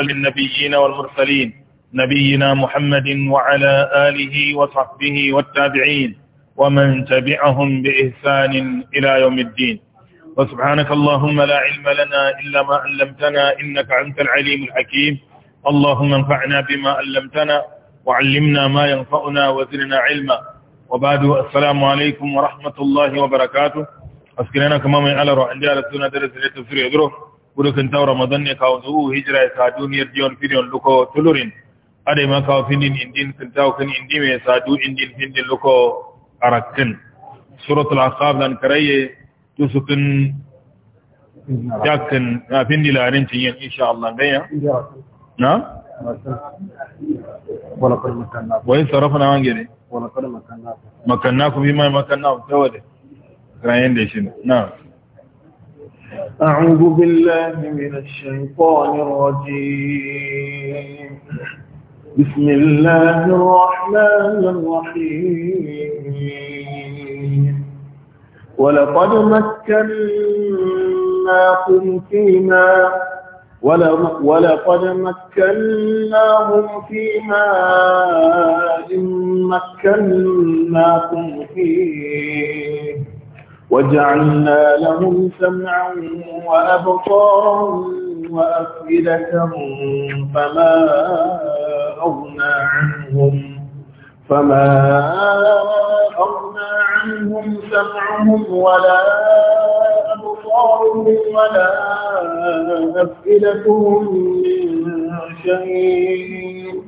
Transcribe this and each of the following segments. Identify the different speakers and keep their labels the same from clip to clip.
Speaker 1: وللنبيين والمرسلين نبينا محمد وعلى آله وصحبه والتابعين ومن تبعهم بإحسان إلى يوم الدين وسبحانك اللهم لا علم
Speaker 2: لنا إلا ما علمتنا إنك أنت العليم
Speaker 1: الحكيم اللهم انفعنا بما علمتنا وعلمنا ما ينفعنا وزننا علما وبعد السلام عليكم ورحمة الله وبركاته أسكننا كما من على رؤية على السنة درس لتفسير يدرس burukin taw ramadan ne kawo zuwa hijira sa duniyar dion firion luko tulurin adai ma kawo findin indin sun taw kun indi mai sa du indin findin luko arakin suratul ahqaf dan karaye su kun jakin na findi larin cin yin insha Allah gaya na wani sarrafa na wange ne
Speaker 2: makanna
Speaker 1: makanna ku bi mai makannaku ta wade rayan da shi na
Speaker 2: أعوذ بالله من الشيطان الرجيم بسم الله الرحمن الرحيم ولقد مكناكم فيما ولقد مكناهم فيما إن مكناكم فيه وجعلنا لهم سمعا وأبصارا وأفئدة فما أغنى عنهم فما أغنى عنهم سمعهم ولا أبصارهم ولا أفئدتهم من شيء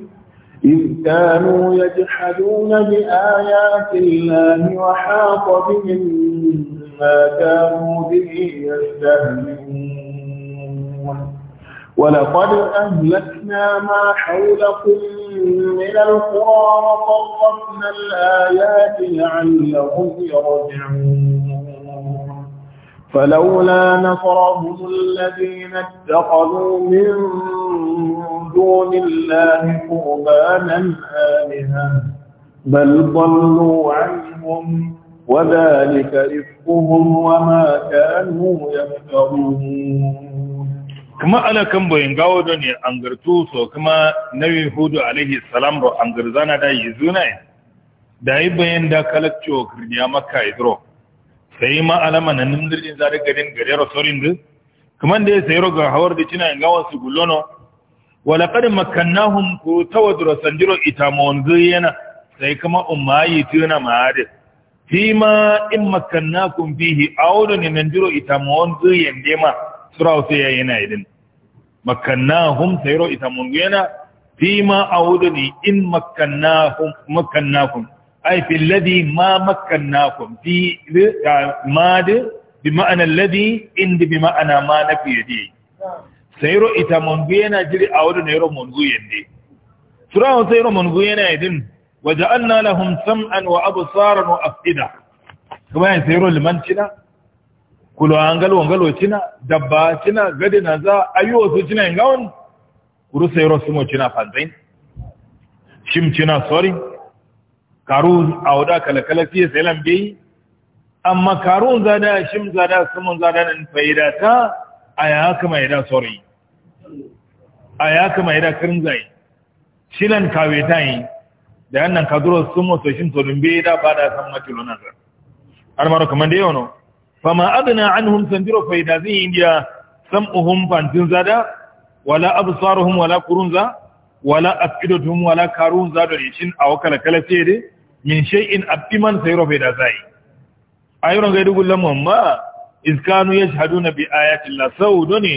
Speaker 1: إذ كانوا
Speaker 2: يجحدون بآيات الله وحاط بهم ما كانوا به يستهزئون ولقد أهلكنا ما حولكم من القرى وطرقنا الآيات لعلهم يرجعون فلولا نصرهم الذين اتخذوا من دون الله قربانا آلهة بل ضلوا عنهم Wa da alika iso hurwama da mu yanka uku.
Speaker 1: Kuma alakambon yin gawo donye angartutu kuma nabin Hudu Alayhi Salaam ro angarzana daga yizunayen, da yai bayan Sai ma alama nanun zirjin za daga gani gade ro tsorin dǝ. Kaman dai, sai ro gahawar dǝ cinaye ngawon sǝgullono. Walaƙadǝmakan nahun kuru tawadǝro sandiro ita mowonzǝyena, sai kuma ummaa yi yitina fima in makanna kun fihi awdu ni nanjuro itamon zu yende ma sura sai yana idin makannahum sayro itamon yana fima awdu ni in makkannahum makkannakum ay fi alladhi ma makkannakum fi mad bi ma'ana alladhi in bi ma'ana ma nafi yadi sayro itamon yana jiri awdu ne ro mon zu yende sura sayro mon zu yana idin وجعلنا لهم سمعا وابصارا وافئده كما يسيروا لمن تنا كلوا انغلوا انغلوا تنا دبا تنا غدنا ذا ايو ينغون كرو ورسيرو سمو تنا فانزين شيم تنا سوري كارون اودا كلكلتي سلام بي اما كارون زادا شيم زادا سمو زادا ان فيداتا ايا كما يدا سوري ايا كما يدا كرنزاي yada kirin da annan kaduro sun to shin to dumbe da bada san matilo ran har maro kaman da yono fama adna anhum sanjiro fa idza zi india sam'uhum fantin zada wala absaruhum wala qurunza wala afidatuhum wala karunza da shin awkala kala fere min shay'in abiman sayro fa idza zai ayron ga lamu amma iz kanu yashhaduna bi ayati allah sawduni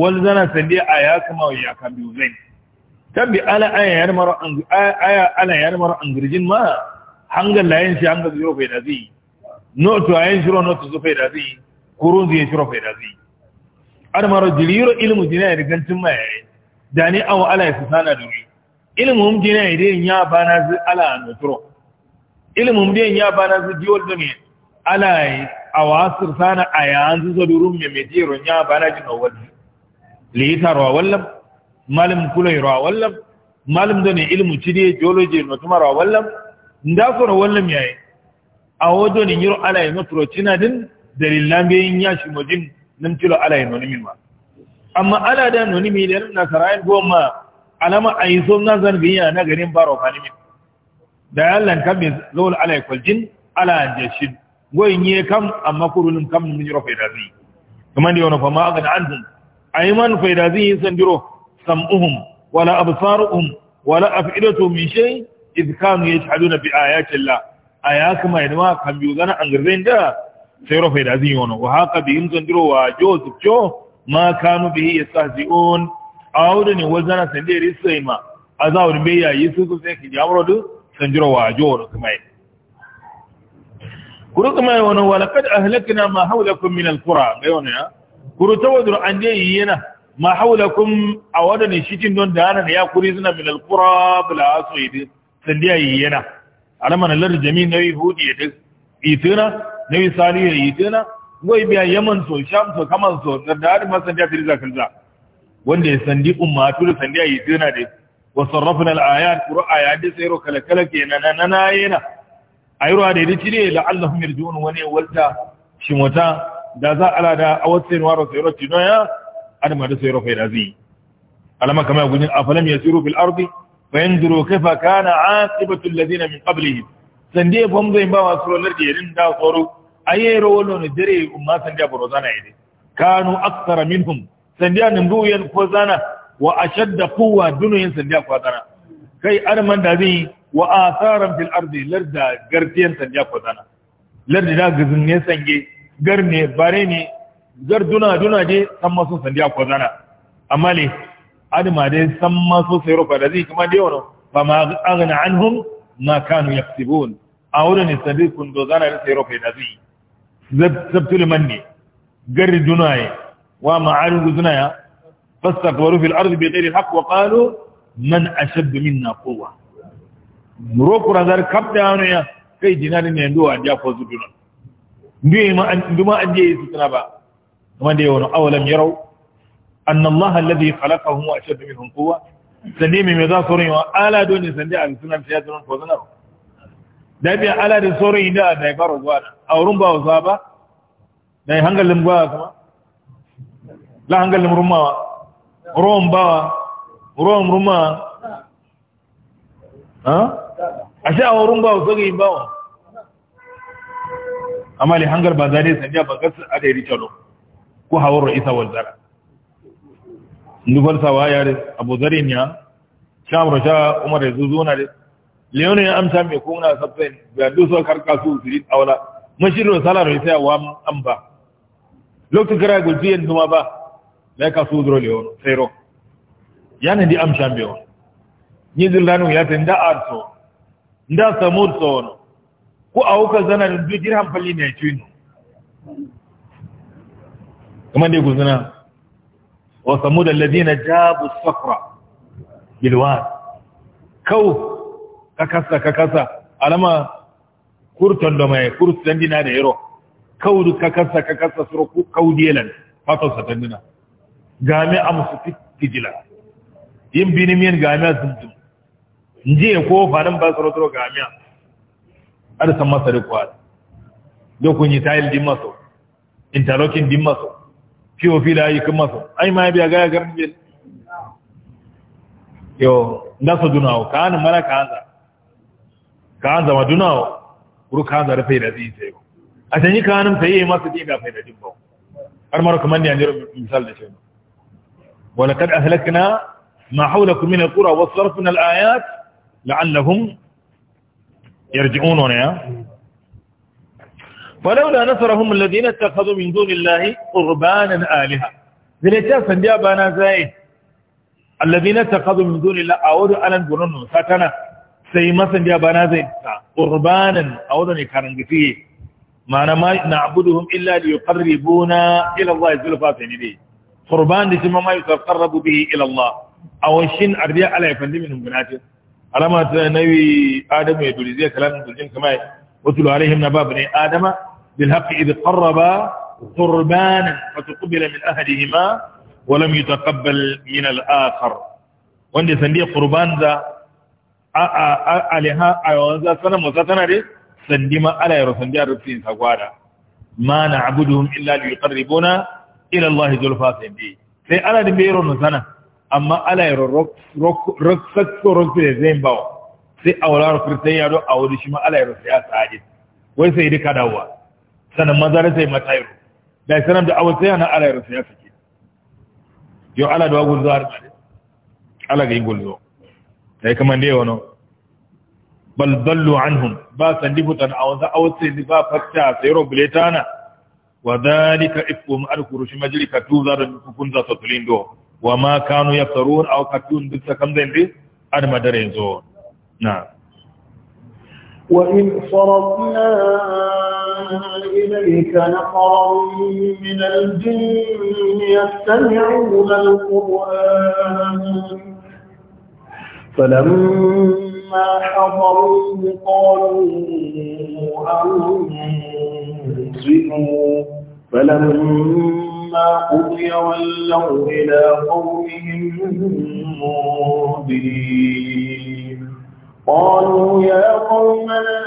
Speaker 1: wal zana sandi ma wa yakambi zain tabbi ala aya yar maro an aya ala yar mara an girjin ma hangal layin shi hangal zuro fe da zi no to ayin shiro no to fe da zai kurun zi shiro fe da zi ar mara jiliro ilmu dinai ya ma yayi da ni awa ala ya sana ni ilmu mun dinai ya dai ya bana zai ala no turo ilmu mun dinai ya bana zai diwol da ni ala awasir sana ayan zu zo durum me me diro ya bana jin awal litarwa wallam malim kulay ra wallam da ne ilmu cire geology no tumara wallam nda ko wallam yayi awo ne yiro ala yi matro cina din dalilan be bayin ya shi mujin nan tilo ala yi nimin ma amma ala da no nimi da na sarayin goma alama ayi so nan zan biya na garin baro kanimin da yallan kabin lawal ala yi kwaljin ala jashin goyin ye kam amma kurulun kam mun yiro faida zai kuma ne wona na fama a ga da an zai a yi man sandiro sam'uhum wala absaruhum wala afidatuhum min shay idh kanu yajhaduna bi ayati llah aya kama inma kan bi gana an girin da sai rofa da zin yono wa haka bi yin zandiro wa joseph jo ma kanu bihi yastahzi'un awdu ni wazana sandiri sayma azawur be ya yisu sai ki jamro du sandiro wa jo kuma kuru kuma wani walakad ahlakna ma hawlakum min alqura bayona kuru tawadur an dai yana ma haulakum a wadannan shikin don da hana ya kuri suna min alkura bila aso yi sandiya yi yana alaman alar jami na yi hudu ya duk itina na yi sali ya yi itina wai biya yaman so sham so kaman so da hada ma sandiya firza firza wanda ya sandi ummatu da sandiya yi itina dai wa sarrafin al'ayat kuro ayat da sayarwa kalakala ke na na na yana a yi ruwa da ya ci ne la'allahun yarjiwon wani walta shimota da za a lada a wasu yanuwa rasu yarwa tinoya adam da sayro fa razi alama kama gudin afalam yasiru fil ardi fayanduru kaifa kana aqibatu alladhina min qablihim sande bombe ba wasro lardi irin da tsoro ayero wono ne dare umma sande boro zana ide kanu akthara minhum sande an duyan ko zana wa ashadda quwwa dunuyin sande ko zana kai arman da zai wa asaran fil ardi larda gartiyan sande ko zana lardi da gizin ne sange garne bare ne jar duna duna je san masu sandi a kwazana amma ne adama dai san masu sayar kwa da zai kuma dai wani ba ma agana an hun na kanu ya fitibun a wurin ne sandi kun dozana da sayar kwa da zai zabtul manne gari duna ya wa ma'arin guzuna ya fastakwaru fil arzi bai tsere haƙ wa ƙalo man a shaddu min na kowa murokura zar kafta hannu ya kai jinarin ne yanzu a diya kwa su duna Nduma an je yi sutura ba, wanda ya wani awalam yarau annallaha alladhi khalaqahum wa ashadda minhum quwwa sande mai za su rinwa ala dole sande al sunan ya sunan ko sunan da bi ala da sorin inda da ya karo zuwa a wurin ba wasa ba da hangalin ba kuma la hangalin rumawa ruwan bawa ruwan ruma ha a sha wurin ba wasa ga bawa amma li hangal ba zare sande ba kasu a da ya rikalo ku hawar ra'isa wal zara nufar sawa ya re abu zarin ya sham rasha umar ya zuzo na re leon ya amsa mai kuna sabtain ga dusa karka su sirin awala mashirin salar ya sai wa an ba lokacin kara gulfi yanzu ma ba la ka su dro leon sai ro yana di amsha mai wa ni dillanu ya tanda arso nda samur so ko a wuka zanar dirham fali ne ya ci kamar ya guzuna wa samuda alladhina jabu safra bilwad kau ka kasa ka kasa alama kurton da mai kurton dina da yaro kaudu ka kasa ka kasa suru ku fatan fato dina game a musu tijila yin binimiyan game zumtum nje ko fadan ba suru suru game ar san masa da kwal dokun yi tayil din maso interlocking din maso kiwo fi da ayyukan masa ai ma biya ga ga mbe yo ndasa dunawo kan mara kanza kanza ma dunawo kuru kanza da fai da zai sai a tanyi kanum sai yayi masa diga fai da dimbo har mara kuma ne anjiro misal da shi wala kad ahlakna ma hawlakum min alqura wasarfna alayat la'allahum yarji'un ya falaula nasarahum alladhina ittakhadhu min dunillahi qurbanan alaha zai ta sandiya bana zai alladhina ittakhadhu min dunillahi awadu alan gunun satana sai masandiya bana zai qurbanan awadu ne karangafi ma'ana ma na'buduhum illa liqarribuna ila Allah zulfa tanidi qurban da kuma ma yuqarrabu bihi ila Allah awashin ardiya ala yafandi min gunatin alama ta nawi adamu ya duri zai kalamin dujin kamar واتلو عليهم نبا بني آدم بالحق إذ قربا قربانا فتقبل من أحدهما ولم يتقبل من الآخر وأن سندي قربان ذا عليها أيوان ذا سنة مساتنا دي سندي ما على يرو سندي الرسين سقوانا ما نعبدهم إلا ليقربونا إلى الله زلفا سندي سي على دي بيرو نسانا أما على يرو ركسك ركسك زين باو sai a aurar kristan yaro a wuri shi ma Allah ya rufe ya sa'adin wai sai duka dawowa sanan da sai yaro da sanan da awon sai ana ala ya rufe ya sake yo ala da wagun zuwa Ala ga yi gulzo sai kaman dai wono. bal dallu anhum ba sandifutan awon za awon sai ba fakta sai biletana? wa dhalika ifkum al-kurush majlika tuzar kun za tulindo wa ma kanu yaftarun aw katun dukkan zai bi admadare zo نعم
Speaker 2: وإذ صرفنا إليك نقرا من الجن يستمعون القرآن فلما حضروه قالوا أنزلوا فلما قضي ولوا إلى قومهم منذرين قالوا يا قومنا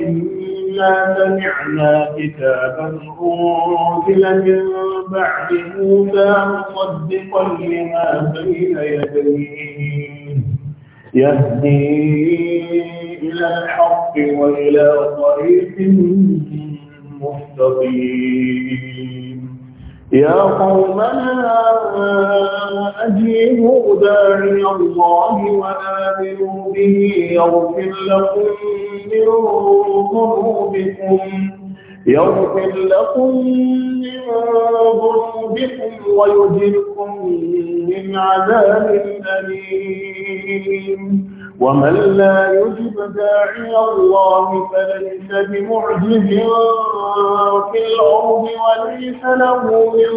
Speaker 2: إنا سمعنا كتابا أنزل من بعد موسى مصدقا لما بين يديه يهدي إلى الحق وإلى طريق مستقيم يا قومنا أجيبوا داعي الله وآمنوا به يغفر لكم من ذنوبكم يغفر لكم من ذنوبكم ويجركم من عذاب أليم ومن لا يجب داعي الله فليس بمعجز في الأرض وليس له من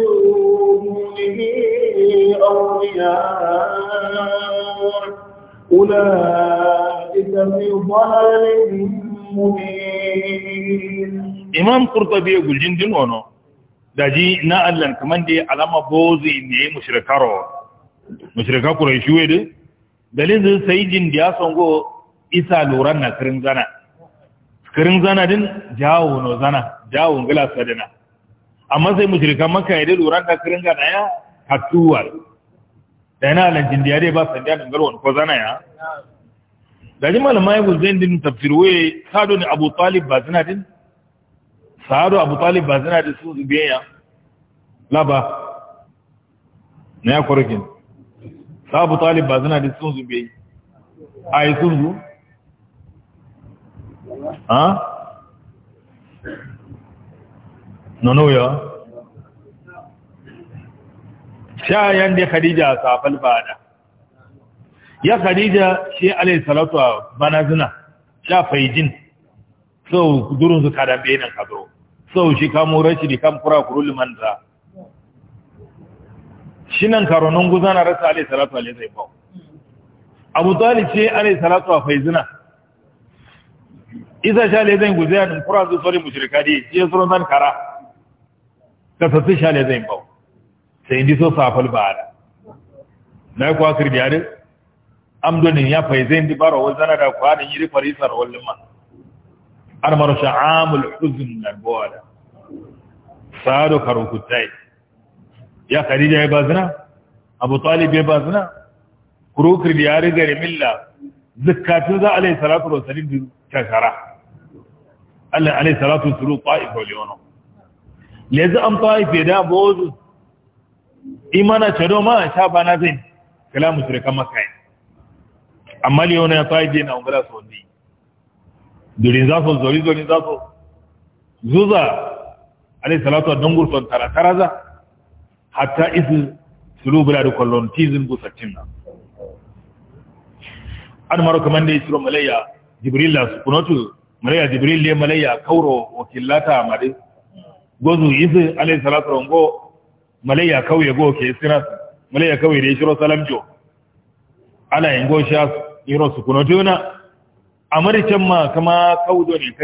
Speaker 2: دونه أولياء أولئك في ضلال مبين
Speaker 1: إمام قرطبي يقول جند ونو daji na Allah kaman dai alama bozi ne mushrikaro mushrika kuraishi wede dalin zai sai jin da ya songo isa loran na kirin zana kirin zana din jawo no zana jawo ngila sadana amma sai mushrikan makka ya dai loran na kirin zana ya hatuwa da yana alancin da dai ba sandiya da wani ko zana ya da ji malama ya guzain din tafsirwe sado ne abu talib ba zina din sado abu talib ba zina din su biyayya laba na ya kwarokin sabu talib ba suna da sun zube yi a yi sun zu? ha? nono ya? shayan da khadija safal bada ya khadija shi alai salatu a bana zina sha faijin sau durin su kadan benin sau shi kamo rashidi, da kan fura kurulli manza shi nan karonin guza na rasa alai salatu alai zai bawo abu talib ce alai salatu a zina isa sha zai guza yanin kura su sori mushirka dai ce suron zan kara ta sassu sha zai bawo sai indi so safal ba da na kuwa kirbi yare amdonin ya faizin di bara wazana da kwanin yiri farisar wallin ma armar sha'amul huzun nan bawa da sado karo kutai ya khadija ya bazina abu talib ya bazina kurokir da ya riga da milla zakatun za alai salatu wa salim da shara Allah alai salatu suru ta'if wa liyono yanzu an ta'if ya da bozu imana chado ma sha bana zai kala musrika makai amma liyono ya ta'if na ungala so ni durin za so zori zori za so zuza alai salatu wa dungur tara tara za hatta isu sulubula da kwallon tizin busattin na an maro kamar da ya ciro malaya jibril la su kunotu malaya jibril ne malaya kauro wakilata mari gozu isu alayhi salatu rango malaya kauye go ke sinas malaya kauye da ya ciro salamjo ala yin go sha iro su kunotu na amuricin ma kama kaudo ne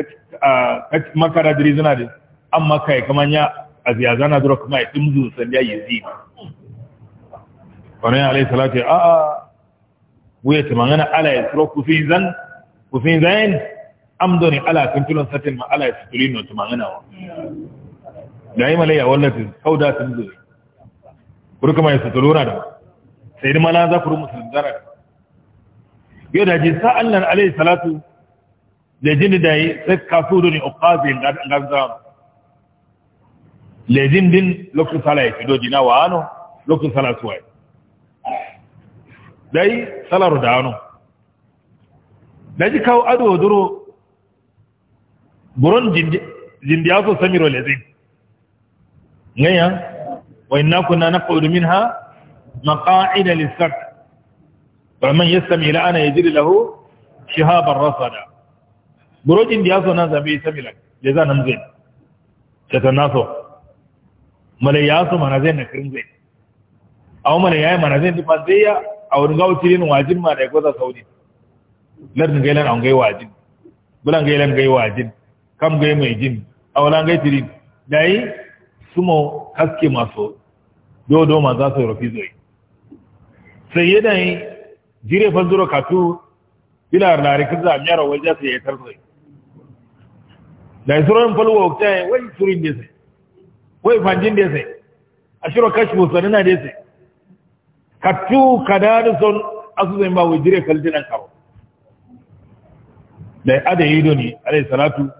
Speaker 1: makara dirizina da an maka kamar ya aziyazana dura kuma ya dimzu sanda yi wannan alayhi salatu a a wuya ta magana ala ya tsoro ku fi zan ku fi zan amdoni ala kuntulan satin ma ala ya tsutulino ta magana wa da yi malaya wallafi kauda sun zuri kuri kuma ya tsutulona da sai ma na za ku rumu sun zara da yau da ji sa'an nan alayhi salatu da jini da yi sai kasu da ne ukazi ga zama lezim din lokacin sallah ya fido dina wa ano lokacin sallah suwa dai salaru da ano da ji kawo ado duro buron jindiya so samiro lezim ngaya wa inna kunna naqudu minha maqa'ida lis-sabt faman yastami la ana yajri lahu shihaban rasada burojin da yaso nan zabe samila jazanan zai ta tanaso malayasu manazai na kirinzai ne malayayi manazai di a wurin gawo cilin wajin ma da ya goza saudi lardin gailan an gai wajin bulan gailan gai wajin kam gai mai jin awalan gai tirin yi sumo haske masu dodo ma za su rufi zoye. sai da yi jire fanzuro katu ila larikin za a miyara wajen sai ya tarzoi da isurorin falwa wakta ya wai surin da sai wai fanjin da sai ashiro kashfu na da sai kattu kadarison asusun ba wai jire kalti nan karo da ada yi doni alayhi salatu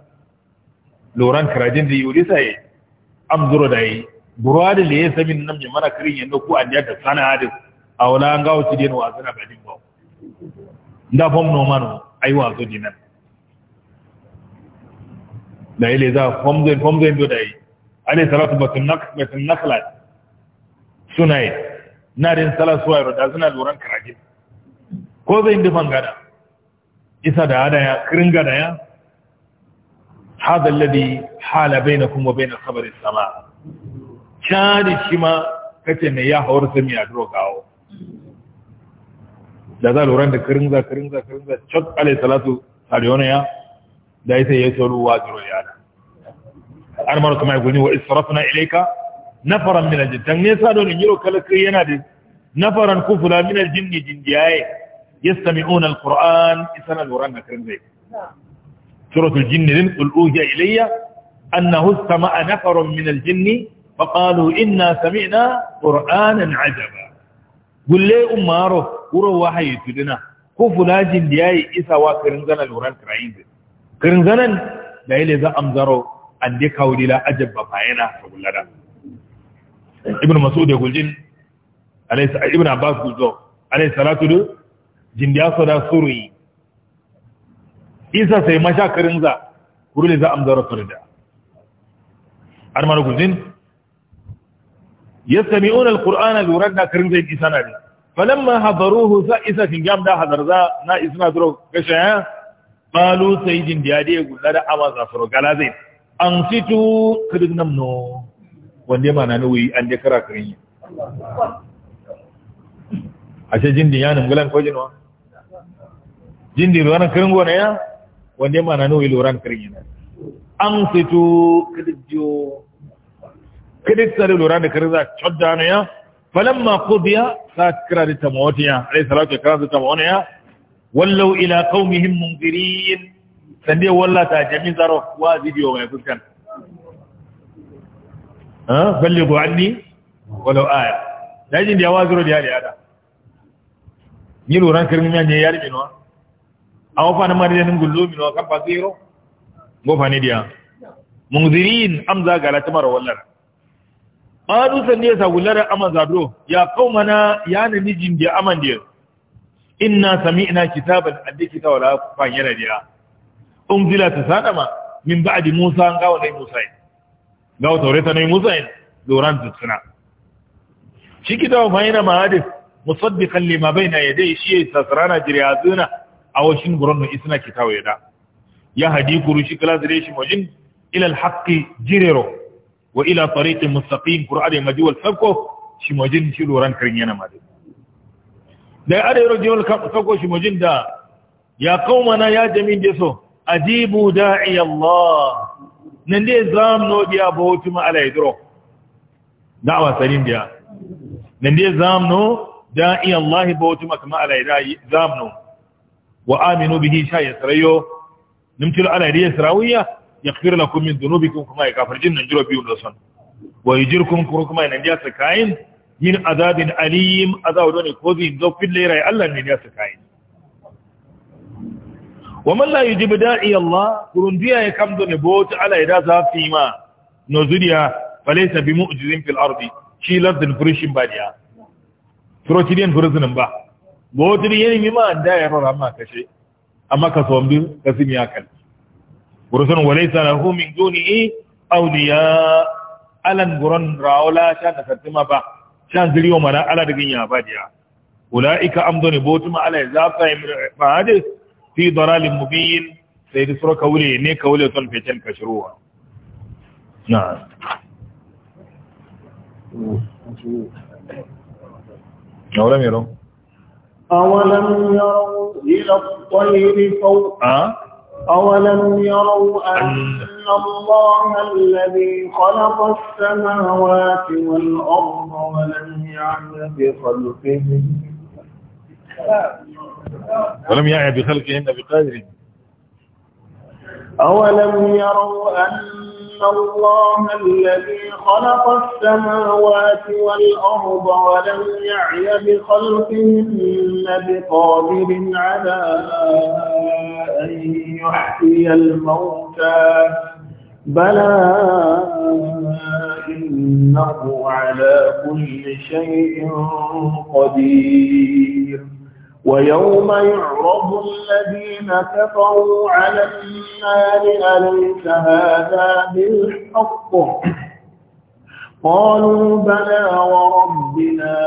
Speaker 1: loran karajin da yuri sai amzuro da yi burwa da ya sami nan mai mana kirin yadda ku an yadda sana hadin a wani an gawo ci dina wasu na gadin ba da fom nomano a yi wasu dinan da le za fom zai fom zai do da yi alayhi salatu batun nakla suna yi na da yin salar suwa yaro da suna luran karage ko zai dufan isa da hadaya kirin ya hada ladi hala bai na sabarin sama cari kace mai ya hawar sami a duro gawo da za luran da kirin za kirin za kirin salatu ya da ita ya tsoro wa yana al'amara kuma ya guni wa israfna ilaika nafaran min aljin tan ne sa don yiro kalaka yana da nafaran kufula min aljin jindiyaye yastami'una alquran isana luran karin zai suratul jin din qul uhiya ilayya annahu istama'a na min aljin فقالوا إنا سمعنا قرآنا عجبا قل لي أمارو وروا وحي تدنا كفلا جندياي إسا وكرنزنا لوران كرعين كرنزنا لأيلي ذا amzaro. ande kawri la ajabba bayana gullada ibn mas'ud ya guljin alaysa ibn abbas guljo alayhi salatu du jindiya da suri isa sai mashakarin za kurule za amzara farda har ma guljin yastami'una alqur'ana yuradna karin zai isa na ne falamma hadaruhu sa isa kin gamda hadar za na isna duro kashaya qalu sayyidin diade gullada amaza furo galazai an fito kirin nam no wanda ya mana nuwi an je kara kirin yi a ce jindin ya nungulan ko jinwa jindin ruwanan kirin gona ya wanda ya mana nuwi loran kirin yi an fito kudin jiyo kirin tsari loran da kirin za codda na ya biya kira قضي فات كراد التموتيا عليه الصلاة والسلام كراد التموتيا ولوا إلى قومهم منذرين sande wallata jami'in zaro wa bidiyo mai fuskan ha balle go anni walau aya dajin da waziro da yada ni loran kirmi ya ne yari no aw fa na mari nan gullo mi no kan basiro go fa ne dia munzirin amza gala tamar wallar qalu sande sa gullar amaza do ya qaumana ya namijin da aman dia inna sami'na kitaban addiki ta wala fa yana dia unzila tasadama min ba'di musa ga wa dai musa ga wa taurata ne musa yin, doran tsina shi kita wa fa'ina mahadis musaddiqan lima bayna yadayhi shi yasa tasrana jiriyazuna awashin buranno isna kitawa yada ya hadi kurushi kala zire shi mujin ila alhaqi jiriro wa ila tariqin mustaqim qur'ani majwal sabko shi mujin shi doran karin ma da ya adai rojewal sabko shi mujin da ya na ya da deso ajibu da'i Allah nan dai zam no biya bautu ma ala idro da'wa sanin biya nan dai zam no da'i Allah bautu ma kama ala idai zam no wa aminu bihi sha yasrayo nimtul ala idai yasrawiya yaghfir lakum min dhunubikum kuma yakafir jinnan jiro biyu da son wa yujirkum kuma nan biya sakayin min azabin alim azawu ne ko zin zofin lera Allah ne ya sakayin wa man la yujibu da'i Allah kurundiya ya kamdo ne bo ta ala ida za fi ma nozuriya falaysa bi mu'jizin fil ardi shi lafdin furishin ba diya protidian furusinin ba bo ta ne mi ma anda ya rora ma kashe amma ka so mbi kasim ya kal furusun walaysa lahu min dunihi awliya alan guron raula sha ta fatima ba sha ziriyo mana ala digin ya ba diya ulaika amdo ne bo ta ma ala ya yi ma hadis في ضلال مبين سيد da كولي ني كولي kaule في تلك kashruwa نعم
Speaker 2: أولم نعم، يروا أولم يروا إلى الطير فوق آه؟ أولم يروا أن الله الذي خلق السماوات والأرض ولم يعي بخلقه ولم يعي بخلقهن بقادر أولم يروا أن الله الذي خلق السماوات والأرض ولم يعي بخلقهن بقادر على أن يحيي الموتى بلى إنه على كل شيء قدير ويوم يعرض الذين كفروا على النار أليس هذا بالحق قالوا بلى وربنا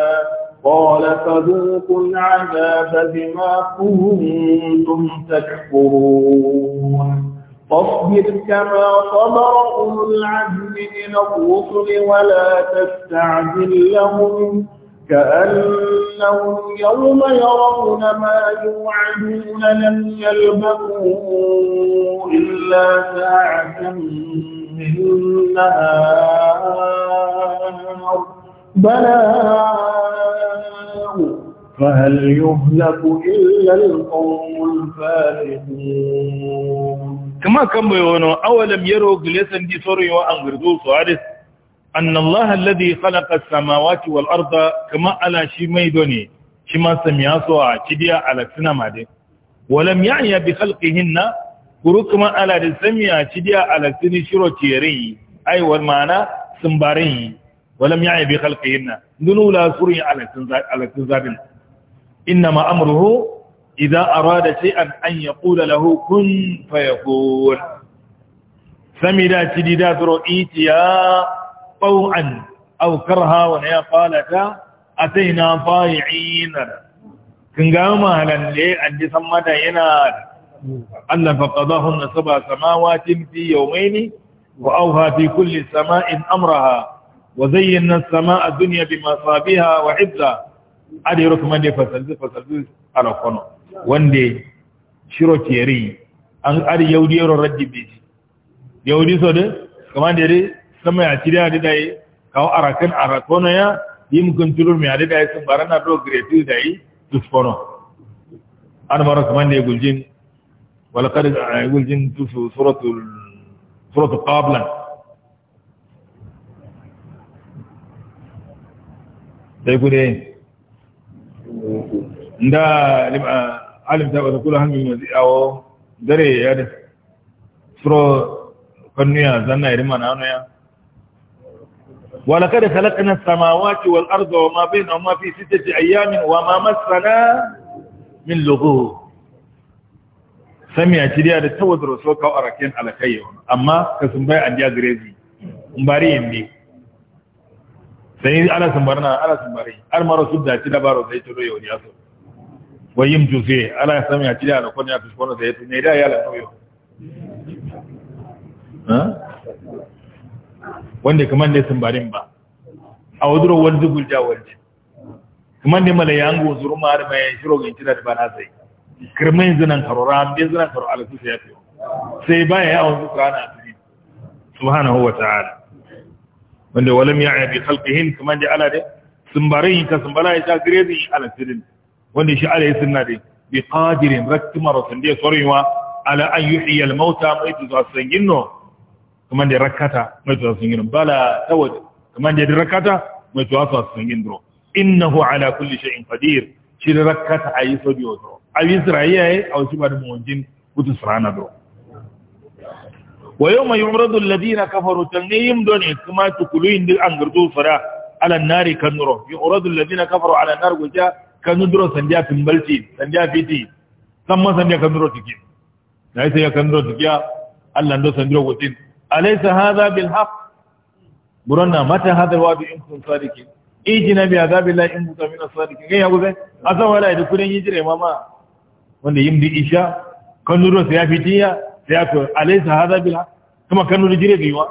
Speaker 2: قال فذوقوا العذاب بما كنتم تكفرون فاصبر كما صبر أولو العزم من الرسل ولا تستعجل لهم كأنهم يوم يرون ما يوعدون لم يلبثوا إلا ساعة من نهار بلاء فهل يهلك إلا القوم الفارقون
Speaker 1: كما كم يقولون أولم يروا قليسا دي سوري وأنغردوا سوارس an Allah alladhi khalaqa as-samawati wal arda ala shi mai done shi ma samiya a cidiya ala tuna ma de walam ya'ya bi khalqihinna kuru kama ala da samiya cidiya ala tuni shiro tiyari ai wal mana sumbarin walam ya'ya bi khalqihinna dunu la suri ala tunza ala tunzabin inna ma amruhu idza arada shay'an an yaqula lahu kun fayakun sami da cidi da zuro itiya tsawon aukarha wani ya falata a sai na fayi inar kin gami mahalalle a jisan mata yana allafa ƙazahun na saba samawati fi yau mai ne wa auha fi kulle sama'in amraha wa zayyin na sama'a duniya bi masu abiha wa ibza da yaro kuma da fasalzi fasalzi shiro ke an ari yau da yaro rajibi yau da yaro kuma da yaro sama ya ci da dai kawo arakan arakona ya yi yim turur mai adi dai bara na do gretu dai tuskono an maras man ne guljin wala gulgin eh, guljin tu suratul suratul qablan dai gude nda eh, alimta wa kullu kula min mazi awo dare ya da suro kanniya zanna irin mana ya ولقد خلقنا السماوات والأرض وما بينهما في ستة أيام وما مسنا من لغوب samiya kiriya da tawadar so kawo a raken alakai amma ka sun bai an ja grezi in bari yin ne sai bari na sun bari har mara ci labaro sai tuno wai yin jufe ana samiya kiriya da kwanya fuskon da ya tuno ya da ya la noyo wanda kamar ne sun barin ba a wani wanda gulja wanda kamar ne mala ya hango zuru ma da mai shiro ga intanet da ba na sai kirmin zinan karora bin zinan karo alasu sai ya fi sai baya ya wanzu kurana a cikin subhanahu huwa ta'ala wanda walam ya abi khalqihin kamar da ala da sun yi ka sun bala ya ta zai yi alasirin wanda shi ala ya sunna dai bi qadirin rakki marasin da ya sorewa ala an yuhyi al mauta mai tuzasan nan kamar da rakata mai tuwa sun gino bala ta waje kamar da rakata mai tuwa su sun gino innahu ala kulli shay'in qadir shi da rakata ayi so biyo to ayi isra'iya yi a wasu ba da muwajin kutu sarana do wa yawma yu'radu alladhina kafaru tanayim doni kuma tukuluin da an gardu fara ala nari kanuro yu'radu alladhina kafaru ala nar guja kanuro sanja timbalti sanja fiti samma sanja kanuro tiki dai sai kanuro tikiya Allah ndo sanjiro gutin alaysa hadha bil haqq buranna mata hadha wa'du in kuntum sadiqin ijina bi azabillahi in kuntum min as-sadiqin kai yago sai azan wala da kudin hijira mama wanda yin isha kan nuro ya fitiya sai ato alaysa hadha bil haqq kuma kan nuro jire biwa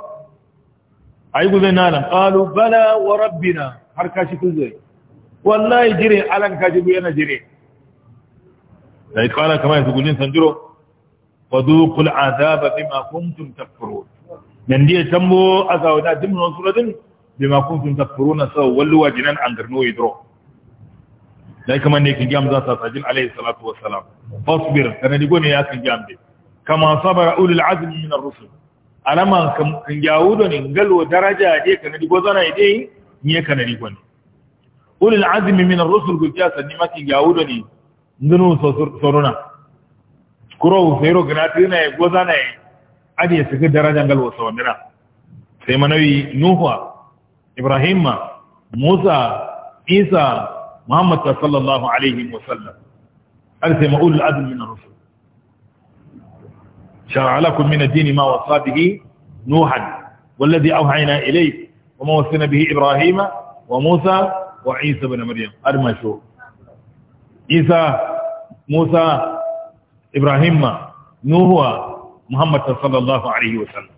Speaker 1: ai guzai nan qalu bala wa rabbina har kashi kuzai wallahi jire alan kashi bu yana jire kala kamar nan dia tambo asawda dimno suratin bima kuntum takfuruna saw wallu wajinan an garno yidro dai kaman ne kin gam za ta sajil alayhi salatu wassalam fasbir kana digo ne ya kin gam dai kama sabara ulul azm min ar-rusul alama kan yawudo ne ngalo daraja je kana digo zana ide ne kana digo ne ulul azm min ar-rusul ko ja sanni maki yawudo ne ngano soruna kuro fero granati ne gozana ne adi su ga darajan gal wasa wandana sai manawi nuhu ibrahim musa isa muhammad sallallahu alaihi wa sallam arsa maulul azm min ar-rusul شرع لكم من الدين ما وصى به نوحا والذي أوحينا إليه وما وصينا به إبراهيم وموسى وعيسى بن مريم أرمى شو عيسى موسى إبراهيم نوح muhammad sallallahu alaihi wasallam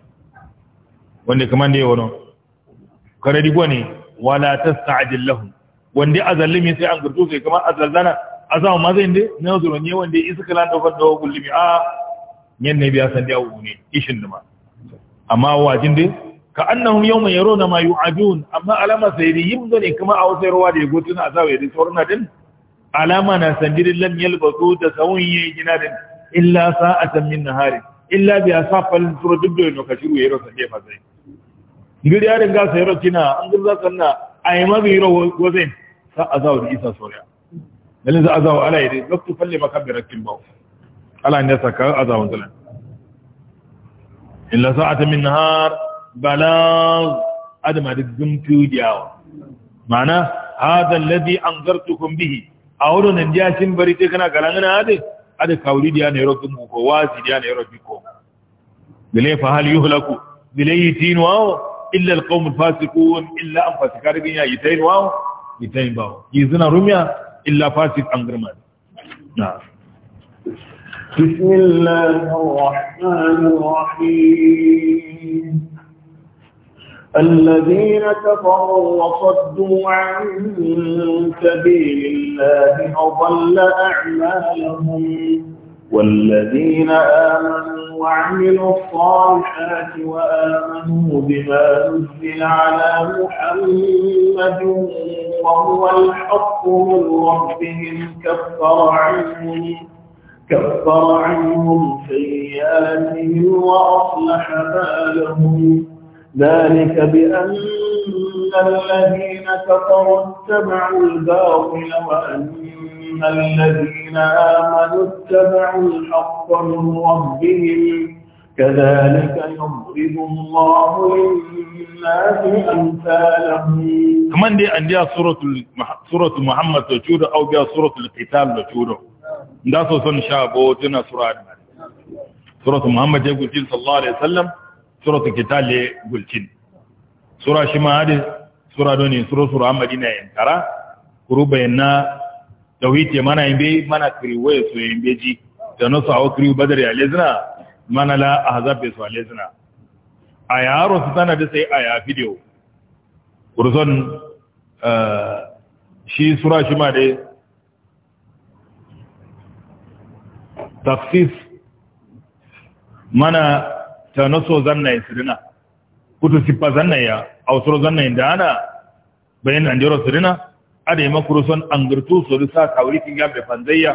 Speaker 1: wanda kuma ne wano. kare digo ne wala tasta'jil lahum wanda azallimi sai an gurdu sai kuma azalzana azama ma zai ne na zuro ne wanda da daukar dawo gullimi a yan ne biya san da yawo ne ishin da ma amma wajin dai ka annahum yawma yaruna ma yu'adun amma alama sai dai yin gane kuma a wasu ruwa da yago tun azawa da sauruna din alama na sandirin lam yalbasu da sawun yayi gina din illa sa'atan min naharin illa bi asafal turudu no kashiru yero sa jefa sai ngiri yarin ga sai tina an gurza sanna ay maziro wazain sa azaw di isa soriya dalin za azaw ala yidi loktu falle makabiratin bawo ala ne saka azaw dalan illa sa'ata min nahar balagh adama da gumtu diyawa ma'ana hadha alladhi anzartukum bihi a wurin nan jashin bari te kana galangana hadin ada kawridi ya nairo gumu ko wazi ya nairo biko bile fa hal yuhlaku bile yitin wa illa alqawm alfasiqun illa an fasikar bin ya yitain wa yitain ba yizna rumya illa fasik an girma na
Speaker 2: بسم الله الرحمن الرحيم الذين كفروا وصدوا عن سبيل الله أضل أعمالهم والذين آمنوا وعملوا الصالحات وآمنوا بما نزل على محمد وهو الحق من ربهم كفر عنهم كفر عنهم سيئاتهم وأصلح بالهم ذلك بأن الذين كفروا اتبعوا الباطل وأن الذين آمنوا اتبعوا الحق من ربهم كذلك يضرب الله للناس أمثالهم
Speaker 1: كمان دي أن جاء سورة سورة محمد تجود أو جاء سورة القتال تجود ده سوسن شابوتنا سورة سورة محمد يقول صلى الله عليه وسلم suratu kitale gulcin sura shi ma hadis sura doni sura sura amadina tara kuru bayyana tawhid mana imbe mana kriwe so yimbe ji da no sawo kriwe badar ya lezna mana la ahzab so lezna aya ro sana da sai aya video kurzon shi sura shi ma dai tafsir mana cano so zanna ya e sirina kutu sippa zanna ya ausuro zanna ya e dana bayan anjiro sirina ada yi makuruson an girtu su risa kawarikin ya bai fanzayya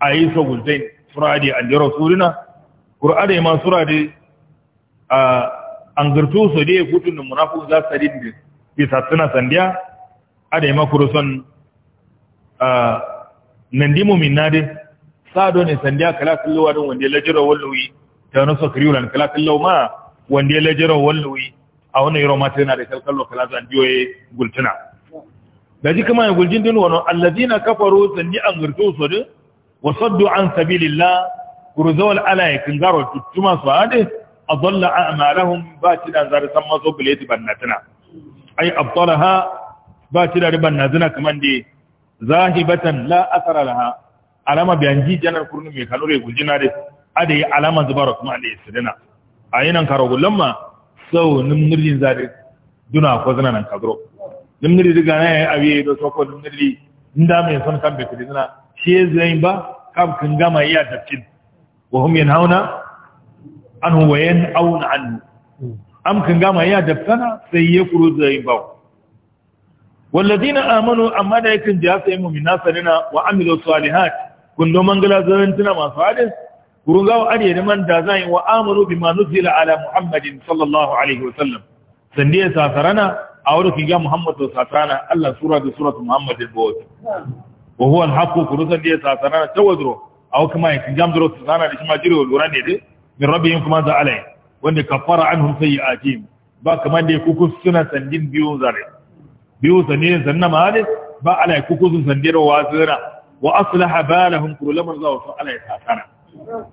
Speaker 1: a yi so gulzai an anjiro surina kuru ada yi ma surade a an girtu su da ya e kutun da za su rinde bisa suna sandiya ada yi son a nandimu min na dai sa ne sandiya kala kullowa don wanda ya lajira wallowi tanu sokriu lan kala kallo ma wanda le jero wallawi a wannan yaro ma tana da kallo kala zan ya gultuna daji kuma ya guljin din wannan alladina kafaru sanni an gurtu su da wasaddu an sabilillah ala alai kin garo tutuma su ade adalla a'malahum ba ci da zar san mazo bileti bannatuna ai abtalaha ba ci da riban nazina kaman dai zahibatan la athara laha alama biyanji janar kurnu mai kanure guljina dai ada yi alama zubara kuma da na. a karo karagullan ma sau nimnirin zari duna ko zina nan kagro nimniri riga na yayi abiye da soko nimniri inda mai son kan bai zina shi zai ba kam gama iya tafkin wa hum hauna an wa auna an. am kan gama iya daftana sai ya kuro zai ba walladina amanu amma da yakin jiya sai minna sanina wa amilu salihat do mangala zarantuna masu hadis gurugawa ariya da man da zai wa amuru bima nuzila ala muhammadin sallallahu alaihi wasallam sande ya sasarana a wurin kiga muhammadu sasarana allah sura da suratu muhammadin bawata wa huwa alhaqu kuru da ya sasarana tawadro aw kuma ya kiga mdro sasarana da shima jiro lura ne dai min rabbihim kuma za alai wanda kafara anhum sayi'atihim ba kamar da kuku suna sandin biyu zare biyu sandin sannan ma ne ba alai kuku sun sandin wa zira wa aslaha balahum lamar zawa sun alai sasarana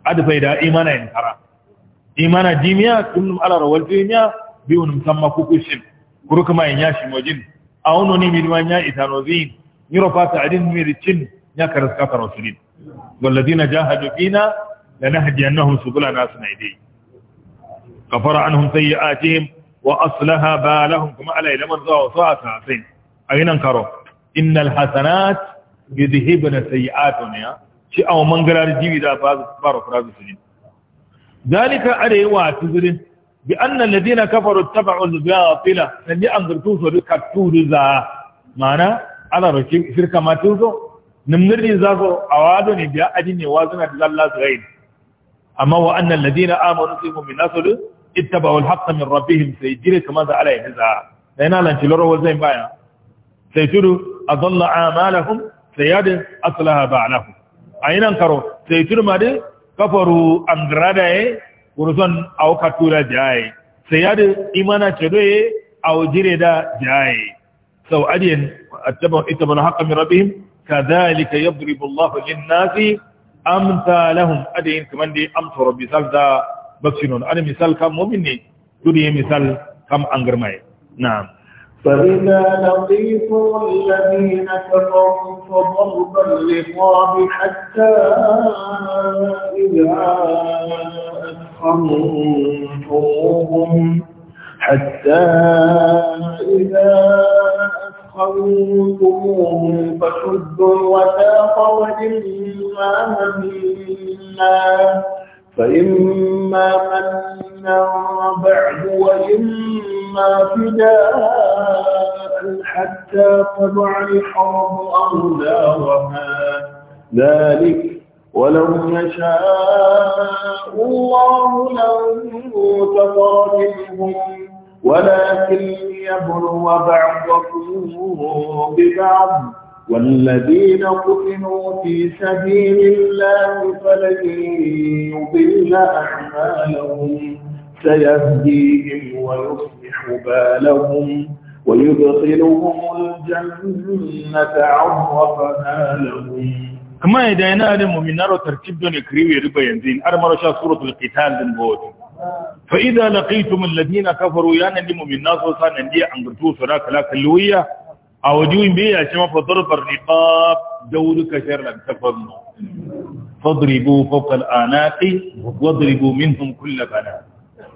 Speaker 1: adfaida imana kara. imana jimiya kullum ala rawal jimiya biun musamma kukushin kurkuma yanya shimojin ya ni milwanya itanozin nirofa ta'din miricin ya karaska karosulin والذين جاهدوا فينا لنهدينهم سبلنا سنيدي غفر عنهم سيئاتهم وأصلح بالهم كما على لمن ذو ساعة سين أين انكروا إن الحسنات يذهبن سيئاتنا ci awon mangarar jiwi da fara furazu su ne zalika are wa tuzurin bi anna alladhina kafaru tabu'u al-batila lam yanzurtu shirka tuduza mana ala rake shirka ma tuzo nimnirni zaso awado ne biya adine wazuna da Allah zai amma wa anna alladhina amanu fihim min nasl ittaba'u al-haqqa min rabbihim sayjiri kama za ala yadza dai na lanci loro zai baya sai tudu adalla amalahum sayadin aslaha ba'lahum ayinan karo seytur made kafaru andrada e kurson aw kattura jaye seyade imana cedoye aw da jaye so ita ittabana haqqa min rabbihim kadhalika yadribu Allahu lin-nasi lahum adiyen kaman de amsa rabbi salda baksinun ani misal kam mu'min ne duniya misal kam angarmaye na'am فإذا
Speaker 2: لقيتم الذين كفروا فضرب الرقاب حتى إذا أثخنتموهم حتى إذا أثخنتموهم فشدوا الوثاق وإما منا فإما منا بعد وإما فداء حتى تضع الحرب أولارها ذلك ولو يشاء الله لو منهم ولكن يبلو بعضكم ببعض
Speaker 1: والذين
Speaker 2: قتلوا في سبيل الله فلن يضل أعمالهم سيهديهم ويصلح بالهم ويدخلهم الجنة عرفها لهم
Speaker 1: كما إذا ينال المؤمنار ترتيب دون كريوي ربا ينزين ما شاء سورة القتال لنبوت فإذا لقيتم الذين كفروا يانا ناس وصانا لي أنقرتوا صلاة لا كلوية a wajuhin biyayya shi ma fadarbar riqab dawruka sharran tafarnu fadribu fawqa al-anaqi wadribu minhum kull bana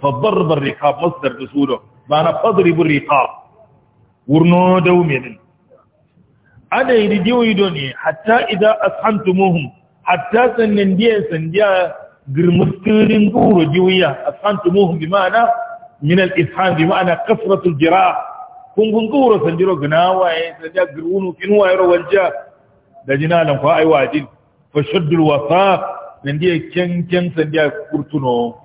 Speaker 1: fadarbar riqab masdar usulo bana fadribu riqab wurno dawmin ada yi diyoyi doni hatta idza ashantumuhum hatta sannan diyan sandiya girmustirin duro diyoya ashantumuhum bi ma'ana min al-isham bi ma'ana kasratul jirah Kungun kungunkuro sanjiro gnawaye sanja girunu kinwaye rawanja da jinalan kwa ai wajin fa shaddul wafa ken san sandiya kurtuno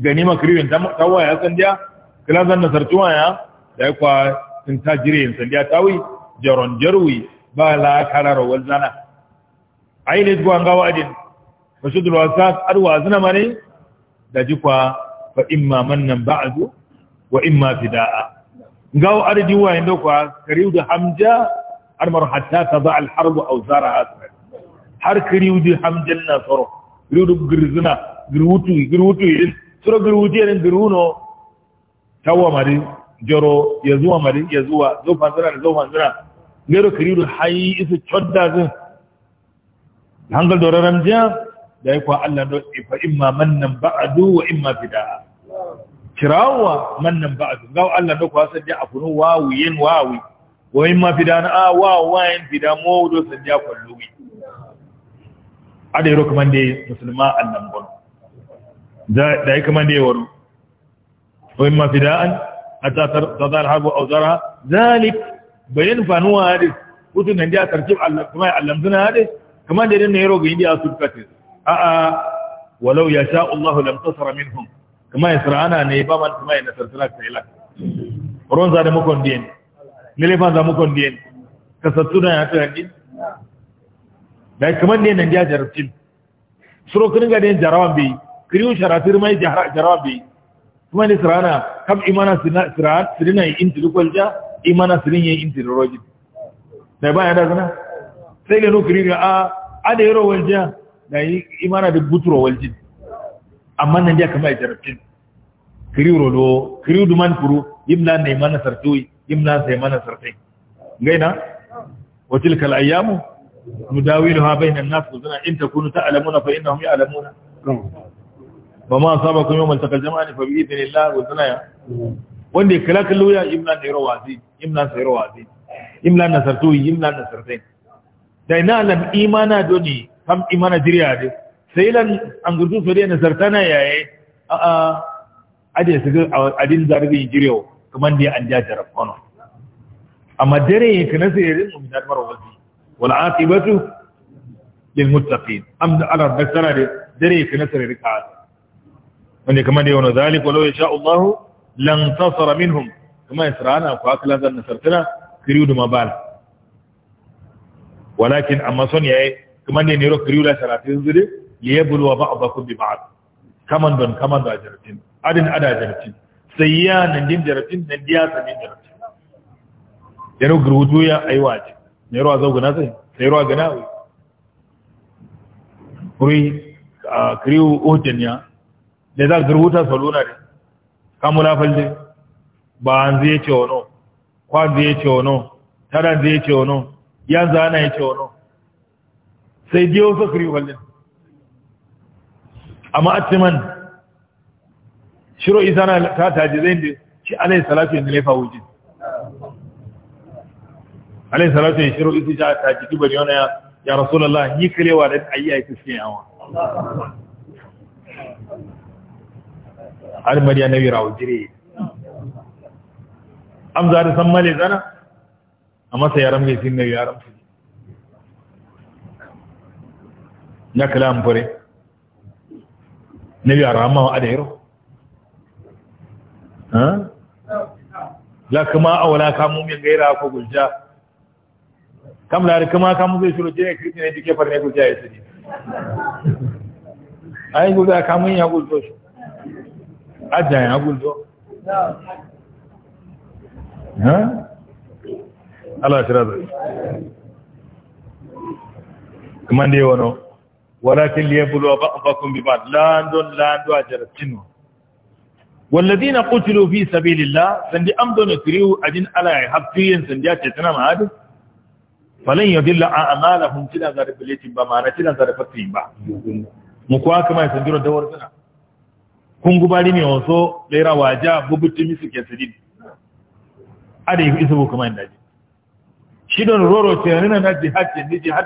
Speaker 1: gani makriwen tawa ya sandiya kilazan nasartuwa ya da kwa tinta san sandiya tawi jaron jarwi ba la karar walzana aini zuwa ga wajin fa shaddul wafa arwa zina mane da jikwa fa imma mannan ba'du wa imma fida'a gawo ardi wa inda kwa kariu da hamja armar hatta tada al harb awzara asra har kariu da hamjan na soro kariu da girzuna girwutu girwutu yin soro girwutu yin girwuno tawa mari joro ya zuwa mari ya zuwa zo fanzira da zo fanzira gero kariu da hayi isa chodda zin hangal doraram jiya da ya kwa Allah do fa imma mannan ba'du wa imma fida'a kirawa mannan ba'du ga Allah da kwa sadda wawu yin wawi wa imma fidana a wawayin fidan mawdu sadda kulluwi ada yaro kaman dai musulma annan gon da da kuma dai waro wa imma fidan hatta tadar habu aw zara zalik bayan fanuwa hadis kudin nan da tarjib Allah kuma ya allamzuna hadis kaman dai ne yaro ga indiya sulkatin a a walau yasha Allah lam tasara minhum kama yasra'ana ne ba man kama yana sartara ka ila ron za da mu kondiyen ne le fa za mu kondiyen ka sattuna ya ta yi da kaman ne nan ja jarabtin suro kin ga den jarawan bi kriyu sharatir mai jarawan bi kuma ne sirana kam imana sirana sirina yi inti dukwalja imana sirin yi inti rojin da ba ya da zana sai ga nukiri ga ah, a ada yaro rowalja da yi imana da buturo waljin amma nan dia kama jarabtin kiriwro do kiriw duman kuru yimna ne mana sartu yimna sai mana sartai gaina wa tilka al ayyamu nudawiluha bayna an-nas zuna in takunu ta'lamuna fa innahum ya'lamuna fama asabakum yawmal taqal jam'ani fa bi idhnillah wa zuna ya wanda kala kallo ya yimna ne rawazi yimna sai rawazi yimna nasartu yimna nasartai dai na lam imana doni kam imana diriya dai sailan angutu sore na sartana yaye a a ade su da zargin jirewa kamar da an jajar rafano amma dare yake na sayarin mu'minar marwazi wal aqibatu lil muttaqin da ala da dare yake na sayarin rika Wani kamar dai wani zalika walau insha Allah lan tasara minhum kuma isra'ana ko akala zan nasartana kiriyu da mabal walakin amma son yayi kamar da ne ro kiriyu da saratin zuri ba'a bakun bi ba'a kaman don kaman da jarabtin adin ada jarabtin sayya nan din jarabtin nan diya samin jarabtin yaro grudu ya aiwaje ne ruwa zau gana sai sai ruwa gana wai kuri kriu ya da za sa luna ne kamula falle ba an zai ce wono kwan zai ce wono tara zai ce wono yanzu ana ya ce wono sai sa kiriwu falle ne amma atiman shiro izana ta taji zai da shi alayhi salatu yanzu ne fa wuce alayhi salatu yanzu shiro isi ta taji dubar yana ya ya rasulallah yi kalewa da ayi ayi suke yawa almar ya nabi rawo jire am za ta san male zana a masa yaran mai sin nabi yaran su ya kala amfure nabi arama wa adairo? ha
Speaker 2: la kuma awla kamu
Speaker 1: min gaira ko gulja kam la kama kamu zai shiro je kirti ne dike farne gulja ya sani ai gulja kamu ya guljo shi aja ya guljo ha Allah ya tsara da kuma dai wano walakin liyabluwa ba'dakum bi ba'd landon lando ajartinu walladhina qutilu fi sabilillah sandi amdon kriu ajin ala habtiyin sandiya tetana ma'ad falan yudilla a'malahum tila zarbilati ba ma'ana tila zarfati ba mu kuwa kama sandiro dawar sana kun ne waso lera waja bubutumi suke sidin ada yi isa kuma inda ji shi don roro ce rina na jihad ce ni jihad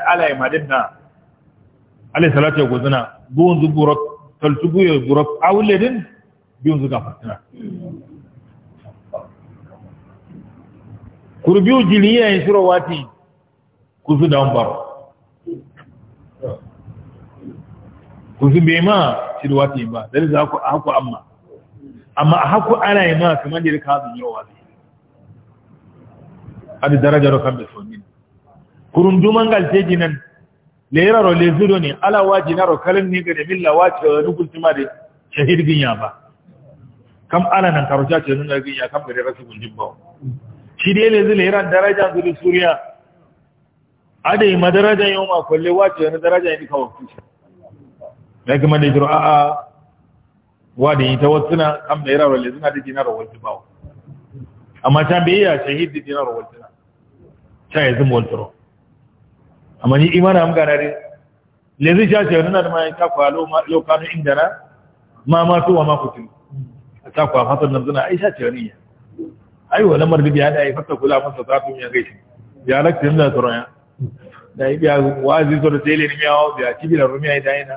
Speaker 1: alayhi salatu ya gozuna buwan zu burot taltu buye burot awuledin biyun zu gafatina kurbiyu jiliya yin shiro wati kuzu da baro kusu bai ma ci wati ba dan za ku haku amma amma a haku ana yi ma kamar da ka zuwa wati a da darajar kan da somin kurun dumangal teji nan leraro lezido ne alawa jinaro kalin ne ga da millawa ce wani kultima da shahid ginya ba kam ala nan karuta ce nuna ginya kam da rasu gundin ba shi dai lezi leran daraja zuri suriya adai madarajan yau ma kwalle wace wani daraja ya duka wakil ya kuma da jiro a'a wa da yi ta wasu na kam da yara wale suna da dinar wasu bawa amma can bai iya shahid da dinar wasu na ta yi zama wasu amma ni imana am ganare lezi jaje wannan da mai takwa lo lo kanu indara ma ma tuwa ma kutu takwa fatan nan zuna aisha ce ni ai lamar mar biya da ai fata kula masa zatu ya gaishi ya tin da turaya da biya wazi so da tele ni yawo biya kibila rumiya da ina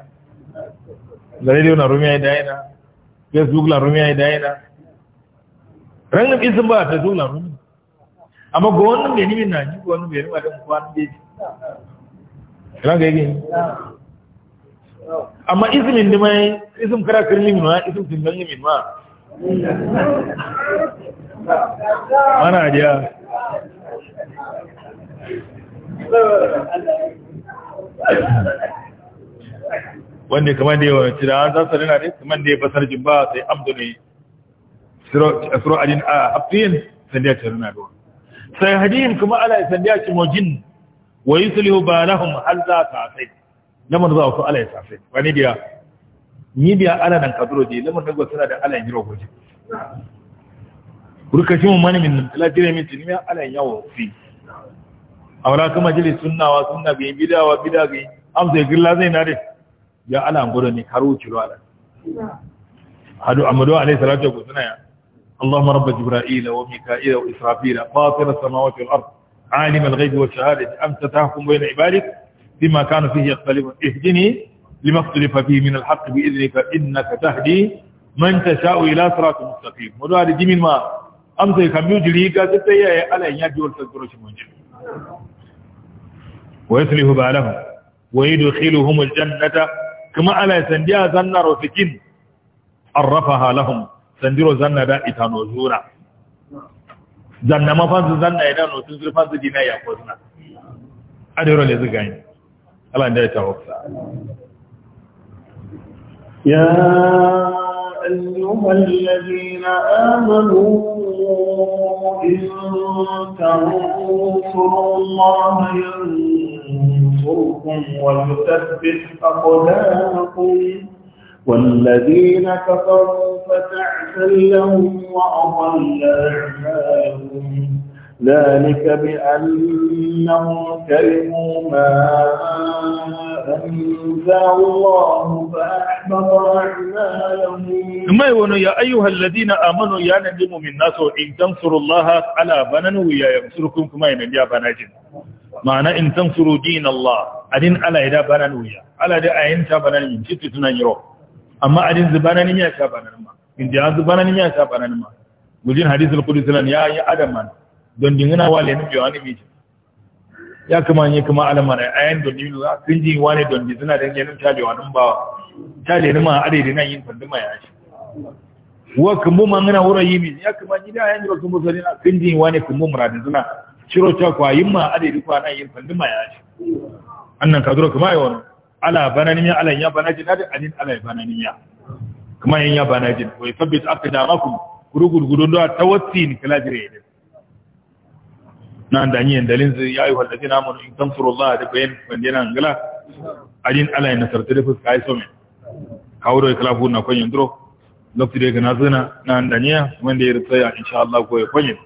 Speaker 1: da radio na rumiya da ina facebook la rumiya da ina ranga izin ba ta zo rumiya amma ga ne ni min na ji ga ne bai da mutuwa ne ina ga yake amma izinin da mai izin kara kirlimin ma izin tingan limin ma
Speaker 2: mana jiya
Speaker 1: wanda kamar da yawa ci da an zasa rina ne kamar da ya fasar jimba sai abdu ne suro ajin a afiyin sandiya ce rina da sai hadiyin kuma ala sandiya ce mojin wa yuslihu balahum hal za ta sai lamar za ku Allah ya safe wani dia ni biya ala nan kaduro di lamar da suna da Allah ya jiro goje kurkashi mun mani min la jira min tinmi Allah ya yawo fi awara kuma jili sunna wa sunna bi bid'a wa bid'a bi amsa gilla zai na dai ya ala ngoro ni karu ciro ala
Speaker 2: hadu amadu alayhi salatu
Speaker 1: wa sunna ya اللهم رب جبرائيل وميكائيل وإسرافيل فاطر السماوات والأرض عالم الغيب والشهادة أنت تحكم بين عبادك بما كانوا فيه يختلفون اهدني لما اختلف فيه من الحق بإذنك إنك تهدي من تشاء إلى صراط مستقيم ولهذا دي من ما أمسى يجري جليك يا على أن يجي والتذكرش منجل ويسله بالهم ويدخلهم الجنة كما على سنديا زنر وفكين عرفها لهم سنديرو زنر وزورا zanna mafansu zanna ya dano sun zurfa su dina ya kwasna a da yaro yi Allah da ya tawafsa
Speaker 2: ya أيها الذين آمنوا إن تنصروا الله ينصركم ويثبت أقدامكم والذين كفروا فتعسل لهم وأضل أعمالهم
Speaker 1: ذلك
Speaker 2: بأنهم كرموا ما أنزل الله فأحبط أعمالهم ما يقولون يا
Speaker 1: أيها الذين آمنوا يا نجم من الناس إن تنصروا الله على بنن ويا ينصركم كما ينجي بناجم معنى إن تنصروا دين الله أدين على إذا بنن ويا على إذا أنت بنن من ستة يروح amma adin zubana ni ya nan ma in da zubana ni ya nan ma gujin hadisul al lan ya ya adaman don dingana wale ni ni bi ya kuma ni kuma alamara ayan don ni za kin ji wani don bi suna dan yanin ta wani ba le ni ma adai nan yin tunduma ya shi wa kumbu mangana wura yi mi ya kuma ni da ayan don kuma sai na kin ji wani kumbu muradin suna ciro ta kwa yin ma adai kwa nan yin tunduma ya shi annan kadura kuma ayi wannan ala bananiya ala ya banajin da alin ala bananiya kuma yin ya banajin wai fabbit aqdamakum gurugurgudun da tawassin kalajire ne nan da yin dalin zai ya ayyuhal ladina mun in allah da bayan bandina ngala alin ala na sarta da fuska ai some kawo da kalafu na kwanyin duro lokacin da ga nazuna nan da wanda ya ritsaya insha Allah ko ya kwanyin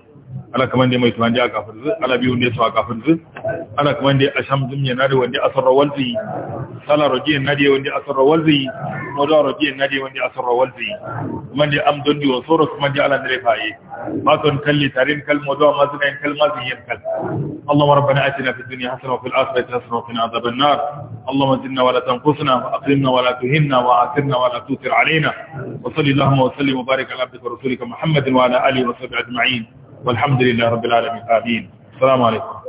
Speaker 1: ana kaman da mai tuwan a kafin zu ana biyun da suwa kafin zu ana kaman da asham zum ya nadi wanda asarra walzi sala roji ya nadi wanda asarra walzi moda roji ya nadi wanda asarra kuma am don diwa soro kuma da ala dare faye ma kalli tarin kal moda ma zuna in kal ma zin yin kal اللهم ربنا اتنا في الدنيا حسنه وفي الاخره حسنه وقنا عذاب النار اللهم زدنا ولا تنقصنا واقرمنا ولا تهنا واعثرنا ولا تؤثر علينا وصلي اللهم وسلم وبارك
Speaker 2: على عبدك wa محمد وعلى اله وصحبه اجمعين والحمد لله رب العالمين آمين السلام عليكم